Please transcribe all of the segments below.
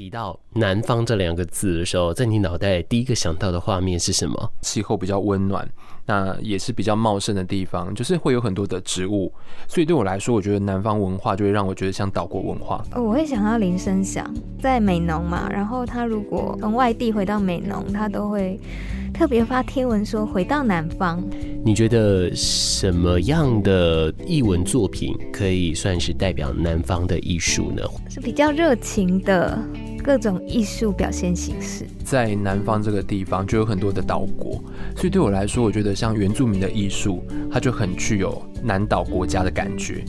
提到南方這兩個字的時候，在你腦袋第一個想到的畫面是什麼？氣候比較溫暖，那也是比較茂盛的地方，就是會有很多的植物。所以對我來說，我覺得南方文化就會讓我覺得像島國文化。我會想到林生祥在美濃嘛，然後他如果從外地回到美濃，他都會特別發貼文說回到南方。你覺得什麼樣的藝文作品可以算是代表南方的藝術呢？是比較熱情的。各種藝術表現形式，在南方這個地方就有很多的島國，所以對我來說，我覺得像原住民的藝術，它就很具有南島國家的感覺。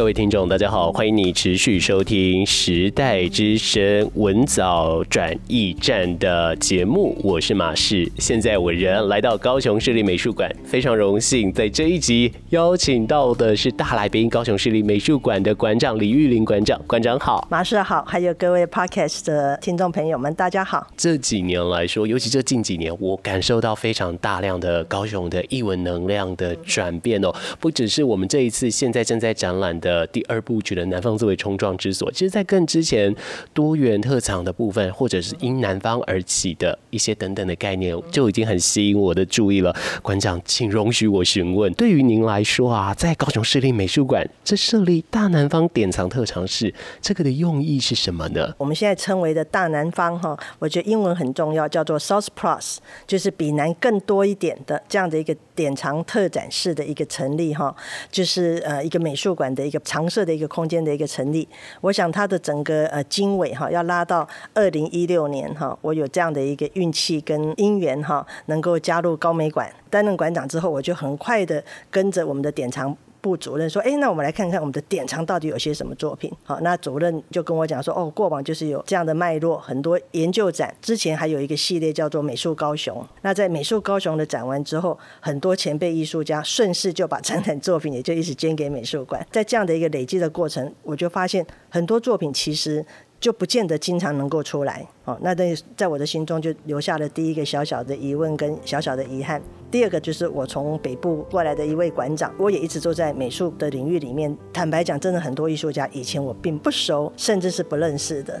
各位聽眾，大家好，歡迎你持續收聽《時代之聲文藻轉譯站》的節目，我是馬士。現在我人來到高雄市立美術館，非常榮幸在這一集邀請到的是大來賓——高雄市立美術館的館長李玉玲館長。館長好，馬士好，還有各位 Podcast 的聽眾朋友們，大家好。這幾年來說，尤其這近幾年，我感受到非常大量的高雄的藝文能量的轉變哦、嗯，不只是我們這一次現在正在展覽的。呃，第二部曲的南方作為衝撞之所，其實，在更之前多元特藏的部分，或者是因南方而起的一些等等的概念，就已經很吸引我的注意了。館長，請容許我詢問，對於您來說啊，在高雄市立美術館這設立大南方典藏特藏室，這個的用意是什麼呢？我們現在稱為的大南方哈，我覺得英文很重要，叫做 South Plus，就是比南更多一點的這樣的一個典藏特展室的一個成立哈，就是呃一個美術館的。一個常設的一個空間的一個成立，我想它的整個呃經緯哈要拉到二零一六年哈，我有這樣的一個運氣跟因緣哈，能夠加入高美館擔任館長之後，我就很快的跟着我們的典藏部主任說：“誒，那我們來看看我們的典藏到底有些什麼作品。”好，那主任就跟我講說：“哦，過往就是有這樣的脈絡，很多研究展，之前還有一個系列叫做‘美術高雄’。那在‘美術高雄’的展完之後，很多前輩藝術家順勢就把展覽作品也就一直捐給美術館。在這樣的一個累積的過程，我就發現很多作品其實。”就不見得經常能夠出來，哦，那等於在我的心中就留下了第一個小小的疑問跟小小的遺憾。第二個就是我從北部過來的一位館長，我也一直坐在美術的領域裡面，坦白講，真的很多藝術家以前我並不熟，甚至是不認識的。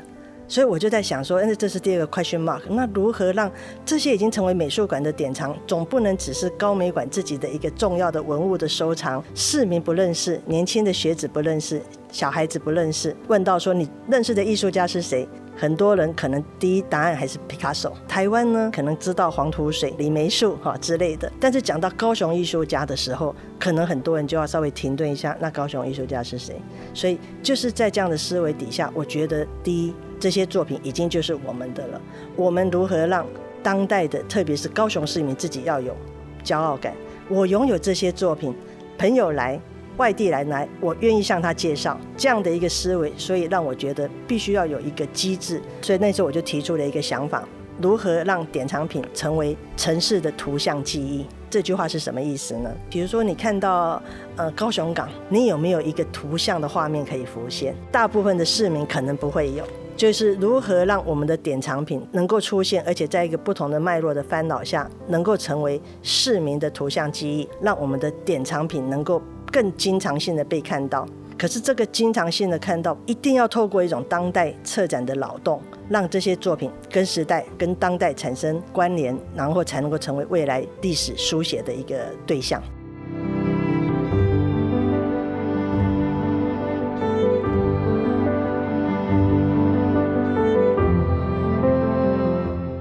所以我就在想說，那這是第二個 question mark？那如何讓這些已經成為美術館的典藏，總不能只是高美館自己的一個重要的文物的收藏？市民不認識，年輕的學子不認識，小孩子不認識。問到說你認識的藝術家是誰，很多人可能第一答案還是 Picasso。台灣呢，可能知道黃土水、李梅樹哈之類的，但是講到高雄藝術家的時候，可能很多人就要稍微停頓一下。那高雄藝術家是誰？所以就是在這樣的思維底下，我覺得第一。這些作品已經就是我們的了。我們如何讓當代的，特別是高雄市民自己要有驕傲感？我擁有這些作品，朋友來外地來來，我願意向他介紹這樣的一個思維。所以讓我覺得必須要有一個機制。所以那時候我就提出了一個想法：如何讓典藏品成為城市的圖像記憶？這句話是什麼意思呢？比如說你看到呃高雄港，你有沒有一個圖像的畫面可以浮現？大部分的市民可能不會有。就是如何讓我們的典藏品能夠出現，而且在一個不同的脈絡的翻腦下，能夠成為市民的圖像記憶，讓我們的典藏品能夠更經常性的被看到。可是這個經常性的看到，一定要透過一種當代策展的勞動，讓這些作品跟時代、跟當代產生關聯，然後才能夠成為未來歷史書寫的一個對象。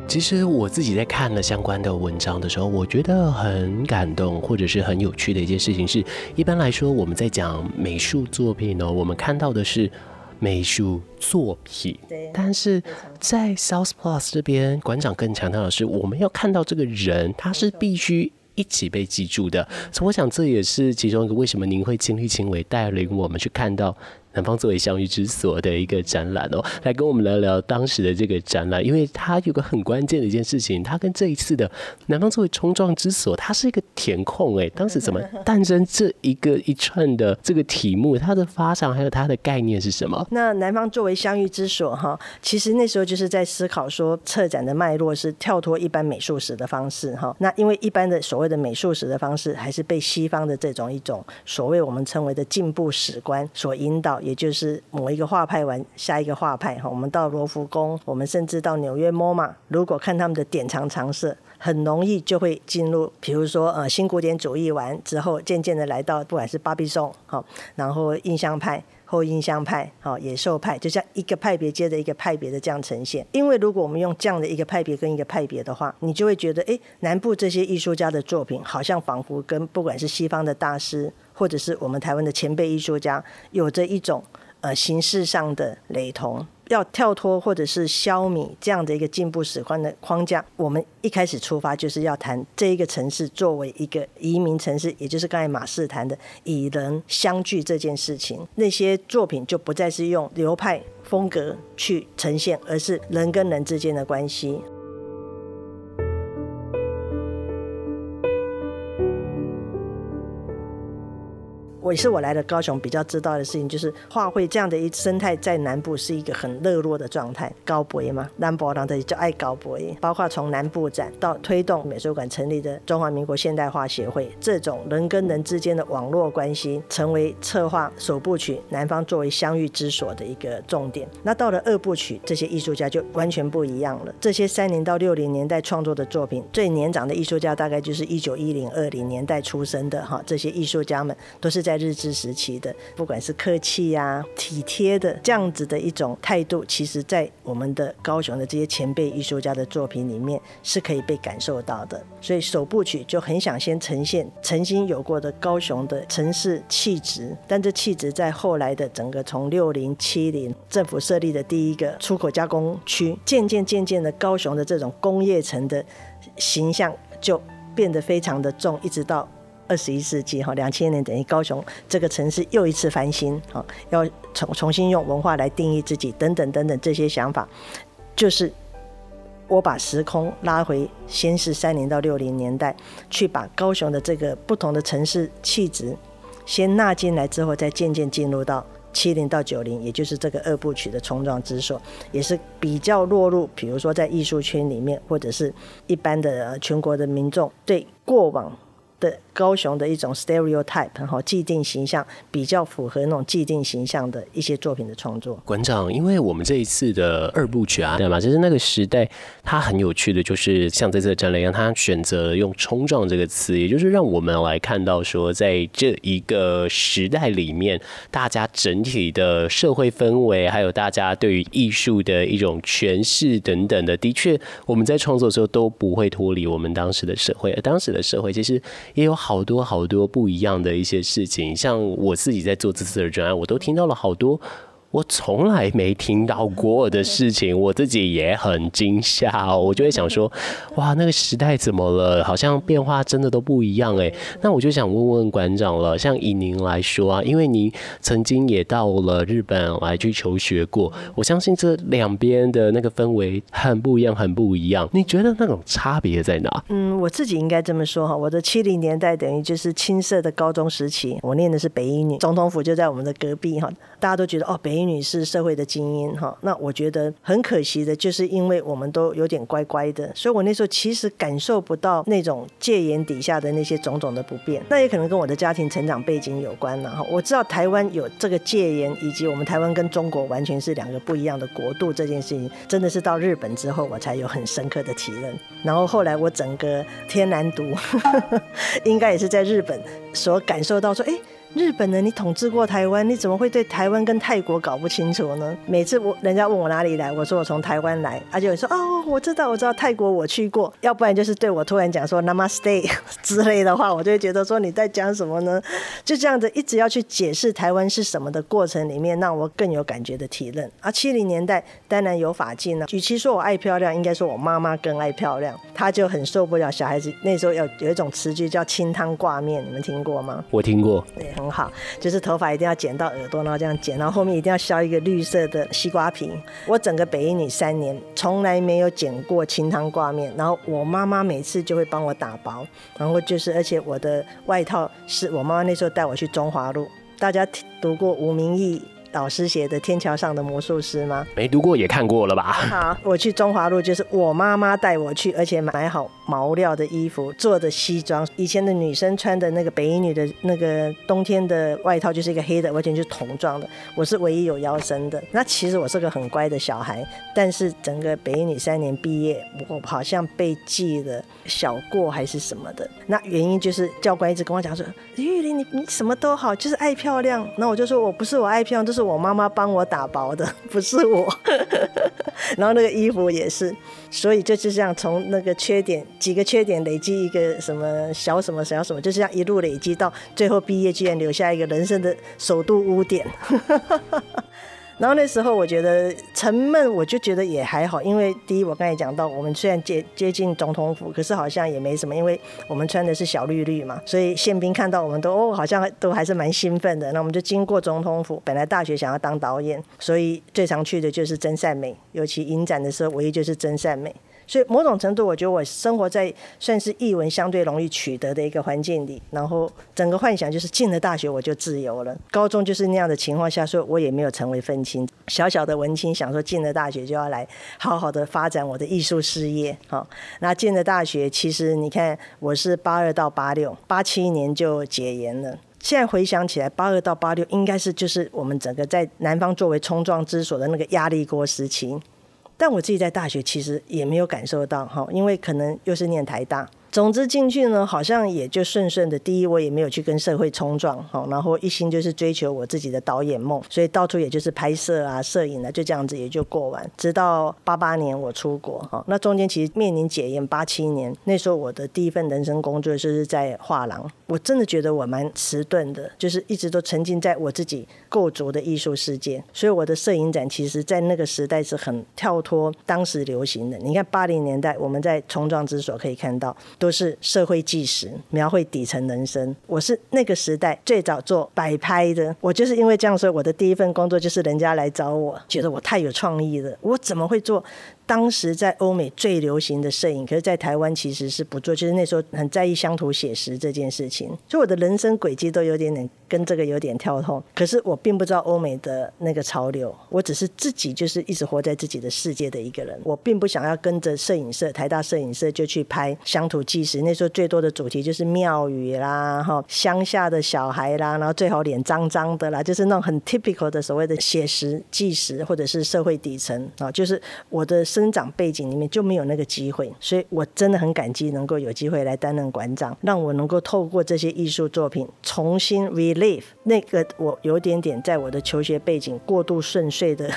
其實我自己在看了相關的文章的時候，我覺得很感動，或者是很有趣的一件事情是，一般來說我們在講美術作品呢，我們看到的是美術作品，但是在 South Plus 這邊館長更強調的是，我們要看到這個人，他是必須一起被記住的。所以我想這也是其中一個為什麼您會親力親為帶領我們去看到。南方作為相遇之所的一個展覽哦，來跟我們聊聊當時的這個展覽，因為它有個很關鍵的一件事情，它跟這一次的南方作為衝撞之所，它是一個填空哎、欸，當時怎麼誕生這一個一串的這個題目，它的發展還有它的概念是什麼？ 那南方作為相遇之所哈，其實那時候就是在思考說，策展的脈絡是跳脫一般美術史的方式哈，那因為一般的所謂的美術史的方式，還是被西方的這種一種所謂我們稱為的進步史觀所引導。也就是某一個畫派完，下一個畫派哈，我們到羅浮宮，我們甚至到紐約 MoMA，如果看他們的典藏常設，很容易就會進入，比如說呃新古典主義完之後，漸漸的來到不管是巴比松、哦、然後印象派、後印象派、哈、哦、野獸派，就像一個派別接着一個派別的這樣呈現。因為如果我們用這樣的一個派別跟一個派別的話，你就會覺得誒、欸，南部這些藝術家的作品好像仿佛跟不管是西方的大師。或者是我們台灣的前輩藝術家，有着一種呃形式上的雷同。要跳脫或者是消弭這樣的一個進步史觀的框架，我們一開始出發就是要談這一個城市作為一個移民城市，也就是剛才馬士談的以人相聚這件事情。那些作品就不再是用流派風格去呈現，而是人跟人之間的關係。也是我來了高雄比較知道的事情，就是畫會這樣的一生態在南部是一個很熱絡的狀態，高博英嘛，南博當地的就愛高博英，包括從南部展到推動美術館成立的中華民國現代畫協會，這種人跟人之間的網絡關係，成為策劃首部曲南方作為相遇之所的一個重點。那到了二部曲，這些藝術家就完全不一樣了。這些三零到六零年代創作的作品，最年長的藝術家大概就是一九一零二零年代出生的哈，這些藝術家們都是在。日治時期的，不管是客氣呀、啊、體貼的這樣子的一種態度，其實在我們的高雄的這些前輩藝術家的作品裡面是可以被感受到的。所以首部曲就很想先呈現曾經有過的高雄的城市氣質，但這氣質在後來的整個從六零七零政府設立的第一個出口加工區，漸漸漸漸的，高雄的這種工業城的形象就變得非常的重，一直到。二十一世紀哈，兩千年等於高雄這個城市又一次翻新，要重重新用文化來定義自己，等等等等這些想法，就是我把時空拉回先是三零到六零年代，去把高雄的這個不同的城市氣質先納進來之後，再漸漸進入到七零到九零，也就是這個二部曲的衝撞之所，也是比較落入，比如說在藝術圈裡面，或者是一般的全國的民眾對過往的。高雄的一種 stereotype 哈，既定形象比較符合那種既定形象的一些作品的創作。館長，因為我們這一次的二部曲啊，對嗎？就是那個時代，它很有趣的，就是像這次的展覽一樣，他選擇用“衝撞”這個詞，也就是讓我們來看到說，在這一個時代裡面，大家整體的社會氛圍，還有大家對於藝術的一種詮釋等等的，的確，我們在創作的時候都不會脫離我們當時的社會。而當時的社會，其實也有好。好多好多不一樣的一些事情，像我自己在做這次的專案，我都聽到了好多。我從來沒聽到過的事情，我自己也很驚嚇，我就會想說，哇，那個時代怎麼了？好像變化真的都不一樣哎，欸。那我就想問問館長了，像以您來說啊，因為您曾經也到了日本來去求學過，我相信這兩邊的那個氛圍很不一樣，很不一樣。你覺得那種差別在哪？嗯，我自己應該這麼說哈，我的七零年代等於就是青澀的高中時期，我念的是北一女，總統府就在我們的隔壁哈，大家都覺得哦北女是社會的精英哈，那我覺得很可惜的，就是因為我們都有點乖乖的，所以我那時候其實感受不到那種戒嚴底下的那些種種的不便。那也可能跟我的家庭成長背景有關了哈。我知道台灣有這個戒嚴，以及我們台灣跟中國完全是兩個不一樣的國度這件事情，真的是到日本之後我才有很深刻的體認。然後後來我整個天然獨呵呵應該也是在日本所感受到說，哎。日本人，你統治過台灣，你怎麼會對台灣跟泰國搞不清楚呢？每次我人家問我哪裡來，我說我從台灣來，他、啊、就說哦，我知道，我知道泰國我去過。要不然就是對我突然講說 Namaste 之類的話，我就會覺得說你在講什麼呢？就這樣子一直要去解釋台灣是什麼的過程裡面，讓我更有感覺的體認。而七零年代當然有髮禁了，與其說我愛漂亮，應該說我媽媽更愛漂亮，她就很受不了小孩子。那時候有有一種詞句叫清湯掛麵，你們聽過嗎？我聽過。對。很好，就是頭髮一定要剪到耳朵，然後這樣剪，然後後面一定要削一個綠色的西瓜皮。我整個北一女三年，從來沒有剪過清湯掛麵。然後我媽媽每次就會幫我打包。然後就是，而且我的外套是我媽媽那時候帶我去中華路。大家讀過吳明益老師寫的《天橋上的魔術師》嗎？沒讀過也看過了吧？好，我去中華路就是我媽媽帶我去，而且買好。毛料的衣服，做的西裝，以前的女生穿的那個北一女的那個冬天的外套就是一個黑的，完全就是筒狀的。我是唯一有腰身的。那其實我是個很乖的小孩，但是整個北一女三年畢業，我好像被記了小過還是什麼的。那原因就是教官一直跟我講說：“玉玲，你你什麼都好，就是愛漂亮。”那我就說：“我不是我愛漂亮，這，就是我媽媽幫我打薄的，不是我。 ”然後那個衣服也是。所以就是這樣，從那個缺點幾個缺點累積一個什麼小什麼小什麼，就是這樣一路累積到最後畢業，居然留下一個人生的首度污點。 然後那時候我覺得沉悶，我就覺得也還好，因為第一我剛才講到，我們雖然接接近總統府，可是好像也沒什麼，因為我們穿的是小綠綠嘛，所以憲兵看到我們都哦，好像都還是蠻興奮的。那我們就經過總統府，本來大學想要當導演，所以最常去的就是真善美，尤其影展的時候，唯一就是真善美。所以某種程度，我覺得我生活在算是藝文相對容易取得的一個環境裡，然後整個幻想就是進了大學我就自由了。高中就是那樣的情況下，所以我也沒有成為憤青，小小的文青想說進了大學就要來好好的發展我的藝術事業。好，那進了大學，其實你看我是八二到八六，八七年就解嚴了。現在回想起來，八二到八六應該是就是我們整個在南方作為衝撞之所的那個壓力鍋時期。但我自己在大學其實也沒有感受到哈，因為可能又是念台大。總之進去呢，好像也就順順的。第一，我也沒有去跟社會衝撞，然後一心就是追求我自己的導演夢，所以到處也就是拍攝啊、攝影啊，就這樣子也就過完。直到八八年我出國，那中間其實面臨解嚴。八七年那時候我的第一份人生工作就是在畫廊，我真的覺得我蠻遲鈍的，就是一直都沉浸在我自己構築的藝術世界。所以我的攝影展其實，在那個時代是很跳脫當時流行的。你看八零年代我們在衝撞之所可以看到。都是社會紀實，描繪底層人生。我是那個時代最早做擺拍的，我就是因為這樣，所以我的第一份工作就是人家來找我，覺得我太有創意了，我怎麼會做？當時在歐美最流行的攝影，可是，在台灣其實是不做。就是那時候很在意鄉土寫實這件事情，所以我的人生軌跡都有點點跟這個有點跳脫。可是我並不知道歐美的那個潮流，我只是自己就是一直活在自己的世界的一個人。我並不想要跟着攝影社、台大攝影社就去拍鄉土紀實。那時候最多的主題就是廟宇啦、哈鄉下的小孩啦，然後最好臉髒髒的啦，就是那種很 typical 的所謂的寫實紀實，或者是社會底層啊，就是我的。增長背景裡面就沒有那個機會，所以我真的很感激，能夠有機會來擔任館長，讓我能夠透過這些藝術作品重新 relive 那個我有點點在我的求學背景過度順遂的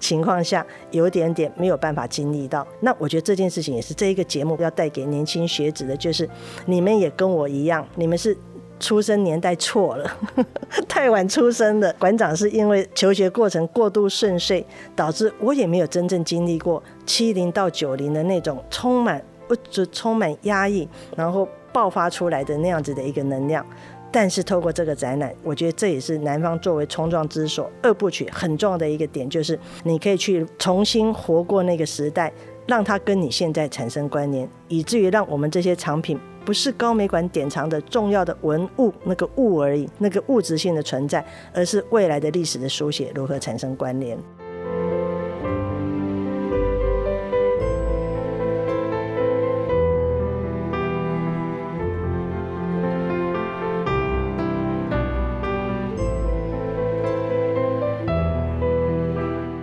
情況下，有點點沒有辦法經歷到。那我覺得這件事情也是這一個節目要帶給年輕學子的，就是你們也跟我一樣，你們是。出生年代錯了呵呵，太晚出生了。館長是因為求學過程過度順遂，導致我也沒有真正經歷過七零到九零的那種充滿充滿壓抑，然後爆發出來的那樣子的一個能量。但是透過這個展覽，我覺得這也是南方作為衝撞之所二部曲很重要的一個點，就是你可以去重新活過那個時代，讓它跟你現在產生關聯，以至於讓我們這些藏品。不是高美館典藏的重要的文物那個物而已，那個物質性的存在，而是未來的歷史的書寫如何產生關聯。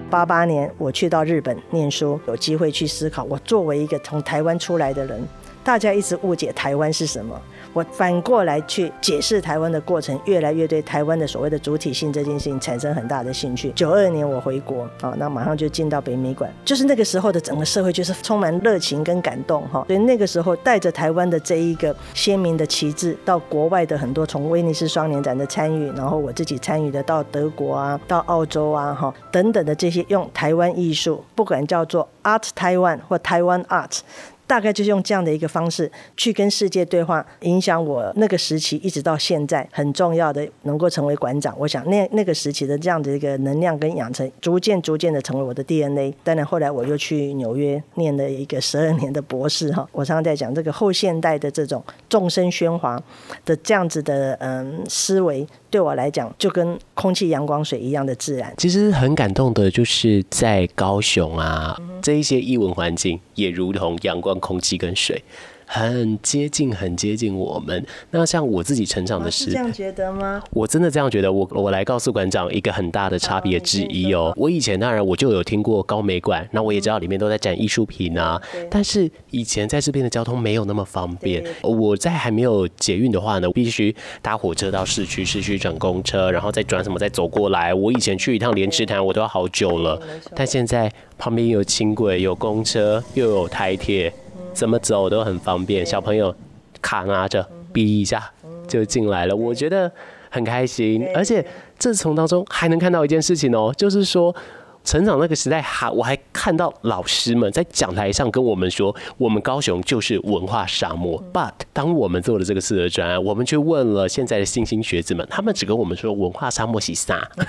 八八年我去到日本念書，有機會去思考，我作為一個從台灣出來的人。大家一直誤解台灣是什麼，我反過來去解釋台灣的過程，越來越對台灣的所謂的主體性這件事情產生很大的興趣。九二年我回國啊，那馬上就進到北美館，就是那個時候的整個社會就是充滿熱情跟感動哈。所以那個時候帶着台灣的這一個鮮明的旗幟到國外的很多，從威尼斯雙年展的參與，然後我自己參與的到德國啊、到澳洲啊、哈等等的這些用台灣藝術，不管叫做 Art 台灣或台灣 Art。大概就是用這樣的一個方式去跟世界對話，影響我那個時期一直到現在很重要的，能夠成為館長。我想那那個時期的這樣的一個能量跟養成，逐漸逐漸的成為我的 DNA。但後來我又去紐約念了一個十二年的博士哈。我常常在講這個後現代的這種眾生喧嘩的這樣子的嗯思維。對我來講，就跟空氣、陽光、水一樣的自然。其實很感動的，就是在高雄啊、嗯、這一些藝文環境，也如同陽光、空氣跟水。很接近，很接近我們。那像我自己成長的時候，啊、是這樣覺得嗎？我真的這樣覺得。我我來告訴館長一個很大的差別之一哦、啊。我以前當然我就有聽過高美館，那我也知道裡面都在展藝術品啊、嗯。但是以前在這邊的交通沒有那麼方便。我在還沒有捷運的話呢，必須搭火車到市區，市區轉公車，然後再轉什麼再走過來。我以前去一趟蓮池潭，我都要好久了、嗯。但現在旁邊有輕軌，有公車，又有台鐵。怎麼走都很方便，小朋友卡拿着逼一下就進來了，我覺得很開心，而且這從當中還能看到一件事情哦，就是說。成長那個時代，還我還看到老師們在講台上跟我們說，我們高雄就是文化沙漠。嗯、But 當我們做了這個四個專案，我們去問了現在的新興學子們，他們只跟我們說文化沙漠是啥，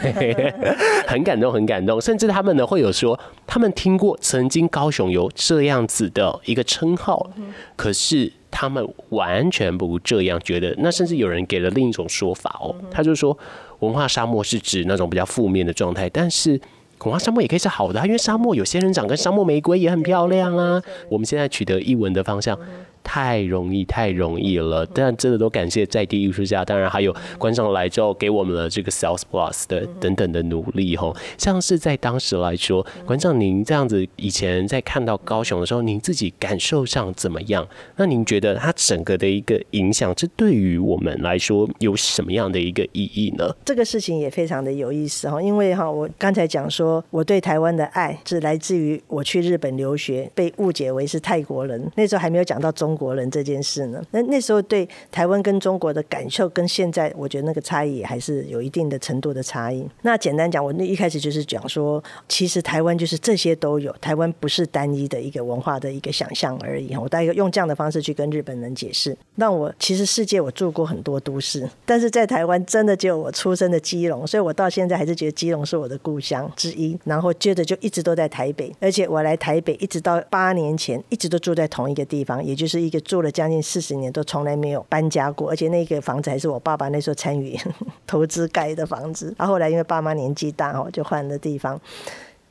很感動，很感動。甚至他們呢會有說，他們聽過曾經高雄有這樣子的一個稱號，嗯，可是他們完全不這樣覺得。那甚至有人給了另一種說法哦，他就說文化沙漠是指那種比較負面的狀態，但是。恐怕沙漠也可以是好的啊，因為沙漠有仙人掌跟沙漠玫瑰也很漂亮啊。我們現在取得譯文的方向。太容易，太容易了。但真的都感謝在地藝術家，當然還有館長來之後給我們了這個 SOUTH +的等等的努力吼。像是在當時來說，館長您這樣子，以前在看到高雄的時候，您自己感受上怎麼樣？那您覺得它整個的一個影響，這對於我們來說有什麼樣的一個意義呢？這個事情也非常的有意思哈，因為哈，我剛才講說，我對台灣的愛是來自於我去日本留學，被誤解為是泰國人，那時候還沒有講到中中國人這件事呢，那那時候對台灣跟中國的感受跟現在，我覺得那個差異還是有一定的程度的差異。那簡單講，我那一開始就是講說，其實台灣就是這些都有，台灣不是單一的一個文化的一個想象而已。我大概用這樣的方式去跟日本人解釋。那我其實世界我住過很多都市，但是在台灣真的只有我出生的基隆，所以我到現在還是覺得基隆是我的故鄉之一。然後接着就一直都在台北，而且我來台北一直到八年前，一直都住在同一個地方，也就是。一個住了將近四十年，都從來沒有搬家過，而且那個房子還是我爸爸那時候參與投資蓋的房子，啊。然後來因為爸媽年紀大哦，就換了地方。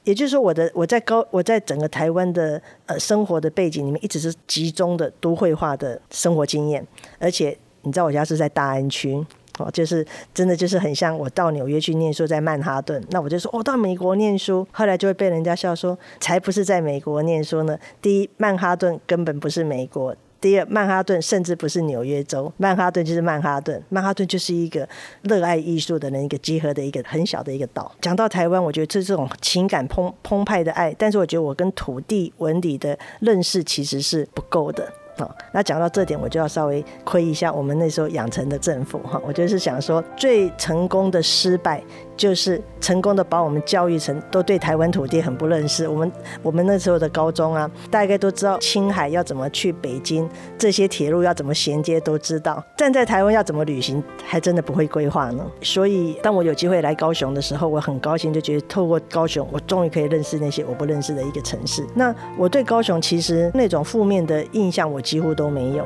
也就是說，我的我在高我在整個台灣的呃生活的背景裡面，一直是集中的都會化的生活經驗。而且你知道我家是在大安區哦，就是真的就是很像我到紐約去念書在曼哈頓。那我就說，哦，我到美國念書，後來就會被人家笑說，才不是在美國念書呢。第一，曼哈頓根本不是美國。第二，曼哈頓甚至不是紐約州，曼哈頓就是曼哈頓，曼哈頓就是一個熱愛藝術的人一個集合的一個很小的一個島。講到台灣，我覺得這這種情感，澎澎湃的愛，但是我覺得我跟土地紋理的認識其實是不夠的。那講到這點，我就要稍微虧一下我們那時候養成的政府。哈。我就是想說，最成功的失敗。就是成功的把我們教育成都對台灣土地很不認識。我們我們那時候的高中啊，大概都知道青海要怎麼去北京，這些鐵路要怎麼銜接都知道。站在台灣要怎麼旅行，還真的不會規劃呢。所以當我有機會來高雄的時候，我很高興，就覺得透過高雄，我終於可以認識那些我不認識的一個城市。那我對高雄其實那種負面的印象，我幾乎都沒有。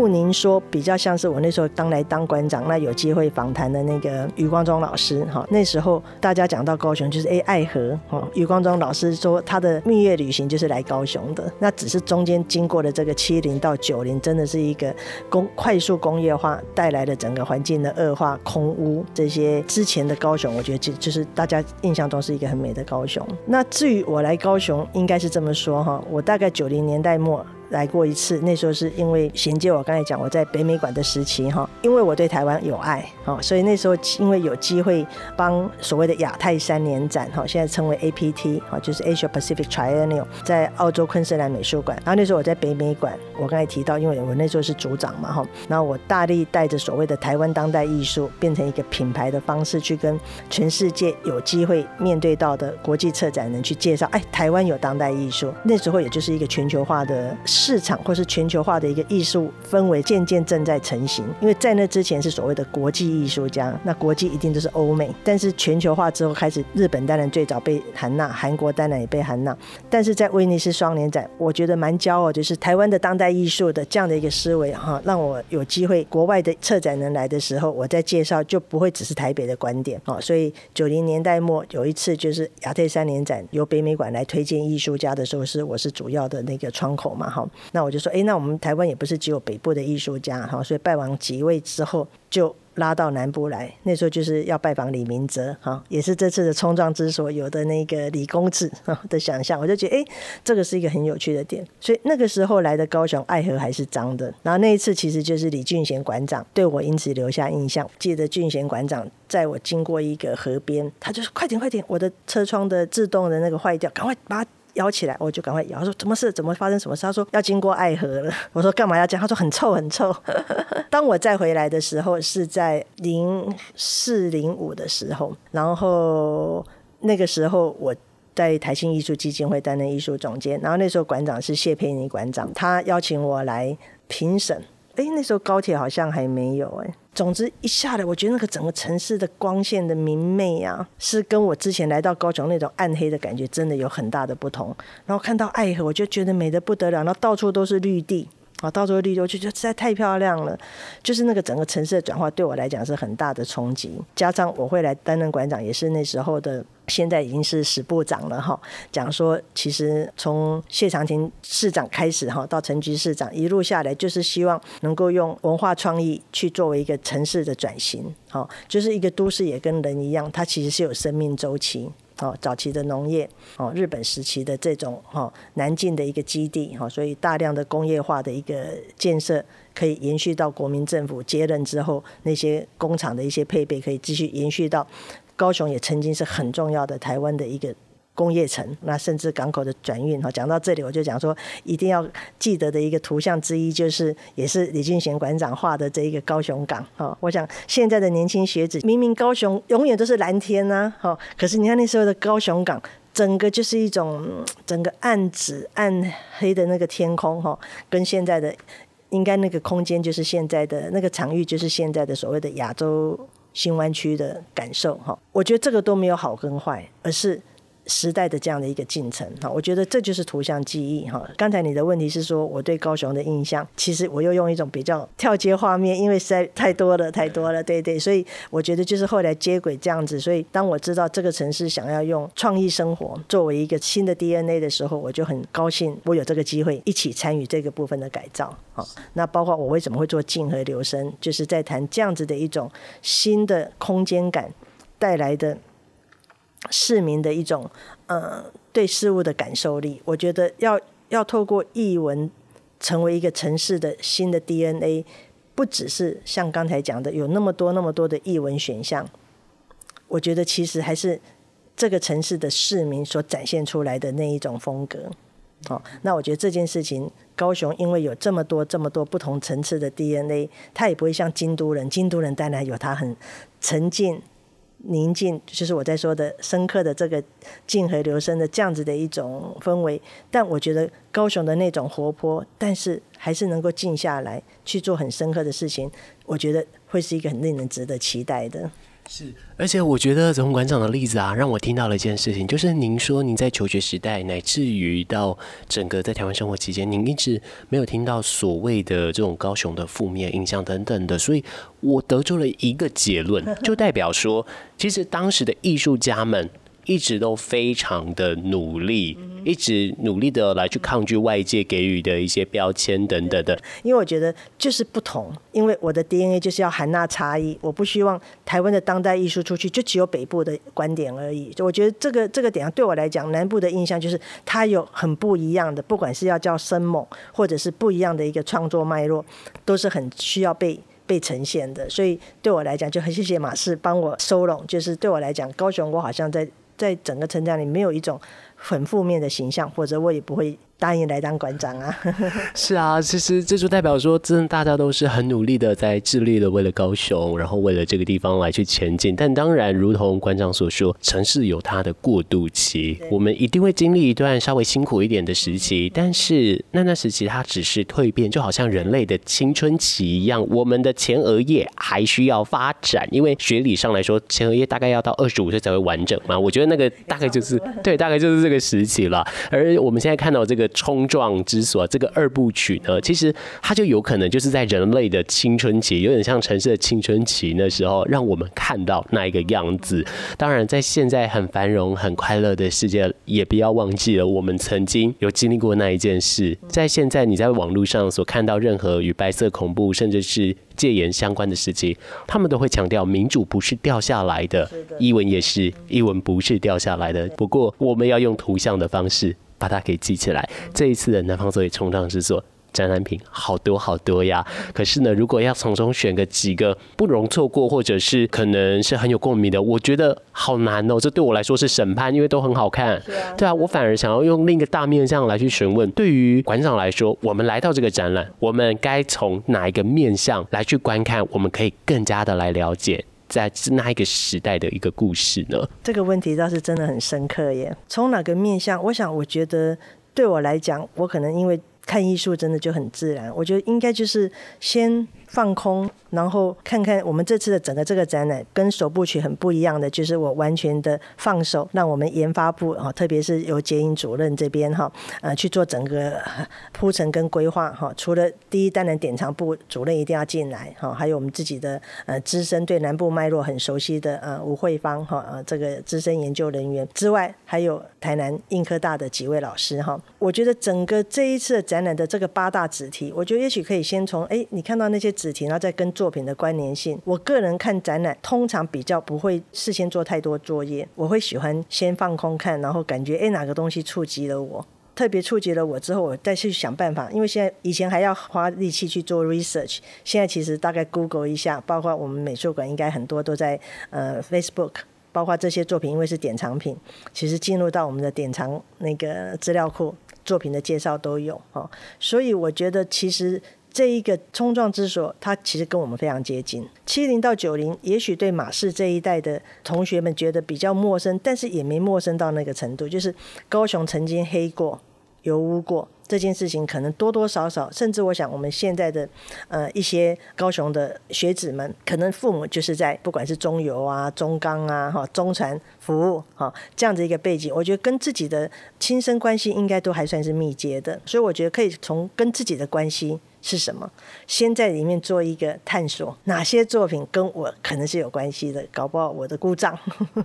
不，您說比較像是我那時候當來當館長，那有機會訪談的那個余光中老師哈，那時候大家講到高雄就是哎愛河哈，余光中老師說他的蜜月旅行就是來高雄的。那只是中間經過了這個七零到九零真的是一個工快速工業化帶來的整個環境的惡化、空污這些之前的高雄，我覺得就就是大家印象中是一個很美的高雄。那至於我來高雄，應該是這麼說哈，我大概九零年代末。來過一次，那時候是因為銜接我剛才講我在北美館的時期哈，因為我對台灣有愛哈，所以那時候因為有機會幫所謂的亞太三年展哈，現在稱為 APT 哈，就是 Asia Pacific Triennial，在澳洲昆士蘭美術館。然後那時候我在北美館，我剛才提到，因為我那時候是組長嘛哈，然後我大力帶着所謂的台灣當代藝術變成一個品牌的方式，去跟全世界有機會面對到的國際策展人去介紹，哎，台灣有當代藝術。那時候也就是一個全球化的，市場或是全球化的一個藝術氛圍漸漸正在成型，因為在那之前是所謂的國際藝術家，那國際一定都是歐美，但是全球化之後開始，日本當然最早被含納，韓國當然也被含納，但是在威尼斯雙年展，我覺得蠻驕傲，就是台灣的當代藝術的這樣的一個思維哈，讓我有機會國外的策展人來的時候，我在介紹就不會只是台北的觀點哦，所以九零年代末有一次就是亞太三年展，由北美館來推薦藝術家的時候，是我是主要的那個窗口嘛哈。那我就說，哎，那我們台灣也不是只有北部的藝術家哈，所以拜完幾位之後就拉到南部來。那時候就是要拜訪李明哲哈，也是這次的衝撞之所有的那個李公子哈的想象，我就覺得哎，這個是一個很有趣的點。所以那個時候來的高雄愛河還是髒的，然後那一次其實就是李俊賢館長對我因此留下印象。記得俊賢館長載我經過一個河邊，他就說快點快點，我的車窗的自動的那個壞掉，趕快把。搖起來，我就趕快搖。說：“怎麼事？怎麼發生什麼事？”他說：“要經過愛河了。”我說：“幹嘛要這樣？”他說：“很臭，很臭。 ”當我再回來的時候，是在零四零五的時候，然後那個時候我在台新藝術基金會擔任藝術總監，然後那時候館長是謝佩妮館長，他邀請我來評審。哎，那時候高鐵好像還沒有誒，總之一下來，我覺得那個整個城市的光線的明媚啊，是跟我之前來到高雄那種暗黑的感覺真的有很大的不同。然後看到愛河，我就覺得美得不得了，然後到處都是綠地。啊，到這個綠洲就覺得實在太漂亮了，就是那個整個城市的轉化對我來講是很大的衝擊，加上我會來擔任館長也是那時候的，現在已經是史部長了哈。講說其實從謝長廷市長開始哈，到陳菊市長一路下來，就是希望能夠用文化創意去作為一個城市的轉型，哈，就是一個都市也跟人一樣，它其實是有生命週期。哦，早期的農業，哦，日本時期的這種哦南進的一個基地，哈，所以大量的工業化的一個建設可以延續到國民政府接任之後，那些工廠的一些配備可以繼續延續到高雄，也曾經是很重要的台灣的一個工業城，那甚至港口的轉運哈，講到這裡我就講說，一定要記得的一個圖像之一，就是也是李俊賢館長畫的這一個高雄港哈。我想現在的年輕學子，明明高雄永遠都是藍天啊，哈，可是你看那時候的高雄港，整個就是一種整個暗紫暗黑的那個天空哈，跟現在的應該那個空間就是現在的那個場域就是現在的所謂的亞洲新灣區的感受哈。我覺得這個都沒有好跟壞，而是。時代的這樣的一個進程哈，我覺得這就是圖像記憶哈。剛才你的問題是說我對高雄的印象，其實我又用一種比較跳接畫面，因為實在太多了太多了，對,對對，所以我覺得就是後來接軌這樣子。所以當我知道這個城市想要用創意生活作為一個新的 DNA 的時候，我就很高興，我有這個機會一起參與這個部分的改造。好，那包括我為什麼會做靜和流聲，就是在談這樣子的一種新的空間感帶來的。市民的一種，呃，對事物的感受力，我覺得要要透過藝文成為一個城市的新的 DNA，不只是像剛才講的有那麼多那麼多的藝文選項，我覺得其實還是這個城市的市民所展現出來的那一種風格。哦，那我覺得這件事情，高雄因為有這麼多這麼多不同層次的 DNA，它也不會像京都人，京都人當然有它很沉浸。寧靜，就是我在說的深刻的這個靜和留聲，的這樣子的一種氛圍。但我覺得高雄的那種活潑，但是還是能夠靜下來去做很深刻的事情，我覺得會是一個很令人值得期待的。是，而且我覺得總館長的例子啊，讓我聽到了一件事情，就是您說您在求學時代，乃至於到整個在台灣生活期間，您一直沒有聽到所謂的這種高雄的負面印象等等的，所以我得出了一個結論，就代表說，其實當時的藝術家們一直都非常的努力。一直努力的來去抗拒外界給予的一些標籤等等的，因為我覺得就是不同，因為我的 DNA 就是要含納差異。我不希望台灣的當代藝術出去就只有北部的觀點而已。我覺得這個這個點上對我來講，南部的印象就是它有很不一樣的，不管是要叫生猛或者是不一樣的一個創作脈絡，都是很需要被被呈現的。所以對我來講，就很謝謝馬士幫我收攏。就是對我來講，高雄我好像在在整個成長裡沒有一種。很負面的形象，或者我也不會，答應來當館長啊！是啊，其實這就代表說，真的大家都是很努力的，在致力的為了高雄，然後為了這個地方來去前進。但當然，如同館長所說，城市有它的過渡期，我們一定會經歷一段稍微辛苦一點的時期。但是那段時期，它只是蛻變，就好像人類的青春期一樣，我們的前額葉還需要發展。因為學理上來說，前額葉大概要到二十五歲才會完整嘛。我覺得那個大概就是對，對，大概就是這個時期了。而我們現在看到這個。衝撞之所，這個二部曲呢，其實它就有可能就是在人類的青春期，有點像城市的青春期那時候，讓我們看到那一個樣子。當然，在現在很繁榮、很快樂的世界，也不要忘記了我們曾經有經歷過那一件事。在現在，你在網絡上所看到任何與白色恐怖甚至是戒嚴相關的事情，他們都會強調民主不是掉下來的，藝文也是，嗯，藝文不是掉下來的。不過，我們要用圖像的方式。把它給記起來。這一次的南方作為相遇之所，展覽品好多好多呀！可是呢，如果要從中選個幾個不容錯過，或者是可能是很有共鳴的，我覺得好難哦。這對我來說是審判，因為都很好看。啊對啊，我反而想要用另一個大面向來去詢問。對於館長來說，我們來到這個展覽，我們該從哪一個面向來去觀看，我們可以更加的來了解在那一個時代的一個故事呢？這個問題倒是真的很深刻耶。從哪個面向？我想，我覺得對我來講，我可能因為看藝術真的就很自然。我覺得應該就是先放空，然後看看我們這次的整個這個展覽跟首部曲很不一樣的，就是我完全的放手，讓我們研發部啊，特別是由捷英主任這邊哈，呃去做整個鋪陳跟規劃哈。除了第一單元典藏部主任一定要進來哈，還有我們自己的呃資深對南部脈絡很熟悉的呃吳慧芳哈，這個資深研究人員之外，還有台南應科大的幾位老師哈。我覺得整個這一次的展覽的這個八大主題，我覺得也許可以先從哎，你看到那些。主題，然後再跟作品的關聯性。我個人看展覽，通常比較不會事先做太多作業，我會喜歡先放空看，然後感覺誒、欸、哪個東西觸及了我，特別觸及了我之後，我再去想辦法。因為現在以前還要花力氣去做 research，現在其實大概 google 一下，包括我們美術館應該很多都在呃 Facebook，包括這些作品，因為是典藏品，其實進入到我們的典藏那個資料庫，作品的介紹都有哦。所以我覺得其實。這一個衝撞之所，它其實跟我們非常接近。七零到九零，也許對馬士這一代的同學們覺得比較陌生，但是也沒陌生到那個程度。就是高雄曾經黑過、油污過。這件事情可能多多少少，甚至我想我們現在的，呃一些高雄的學子們，可能父母就是在不管是中油啊、中鋼啊、哈中船服務哈、哦、這樣子一個背景，我覺得跟自己的親身關係應該都還算是密切的，所以我覺得可以從跟自己的關係是什麼，先在裡面做一個探索，哪些作品跟我可能是有關係的，搞不好我的故障呵呵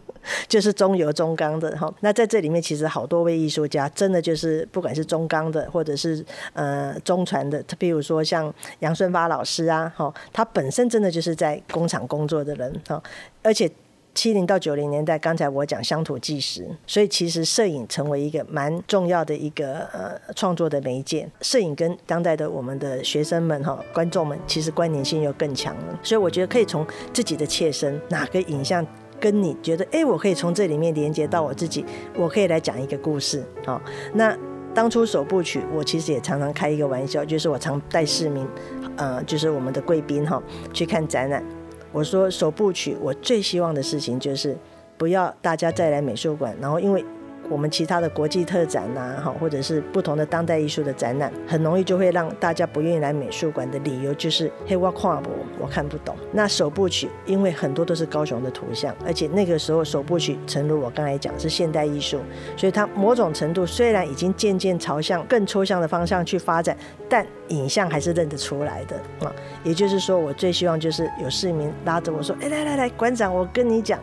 就是中油、中鋼的哈、哦。那在這裡面其實好多位藝術家真的就是不管是中鋼的。或者是呃中傳的，他譬如說像楊順發老師啊，哈、哦，他本身真的就是在工廠工作的人，哈、哦，而且七零到九零年代，剛才我講鄉土紀實，所以其實攝影成為一個蠻重要的一個呃創作的媒介，攝影跟當代的我們的學生們哈、哦、觀眾們其實關聯性又更強了，所以我覺得可以從自己的切身哪個影像跟你覺得哎、欸，我可以從這裡面連接到我自己，我可以來講一個故事，哦，那。當初首部曲，我其實也常常開一個玩笑，就是我常帶市民，呃，就是我們的貴賓哈，去看展覽。我說首部曲，我最希望的事情就是不要大家再來美術館，然後因為。我們其他的國際特展啊哈，或者是不同的當代藝術的展覽，很容易就會讓大家不願意來美術館的理由就是黑哇寬博，我看不懂。那首部曲，因為很多都是高雄的圖像，而且那個時候首部曲，誠如我剛才講，是現代藝術，所以它某種程度雖然已經漸漸朝向更抽象的方向去發展，但影像還是認得出來的啊。也就是說，我最希望就是有市民拉着我說：“哎、欸，來來來，館長，我跟你講。”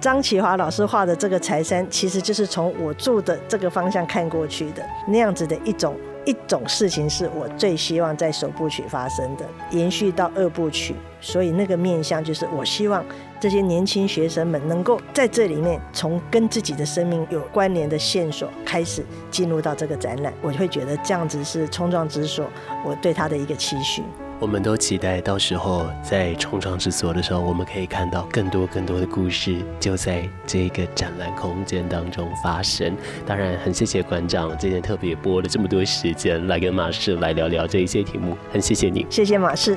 張啟華老師畫的這個柴山，其實就是從我住的這個方向看過去的那樣子的一種一種事情，是我最希望在首部曲發生的，延續到二部曲。所以那個面向就是，我希望這些年輕學生們能夠在這裡面，從跟自己的生命有關聯的線索開始進入到這個展覽，我就會覺得這樣子是衝撞之所，我對他的一個期許。我們都期待到時候在相遇之所的時候，我們可以看到更多更多的故事就在這個展覽空間當中發生。當然，很謝謝館長今天特別撥了這麼多時間來跟馬士來聊聊這一些題目，很謝謝你，謝謝馬士。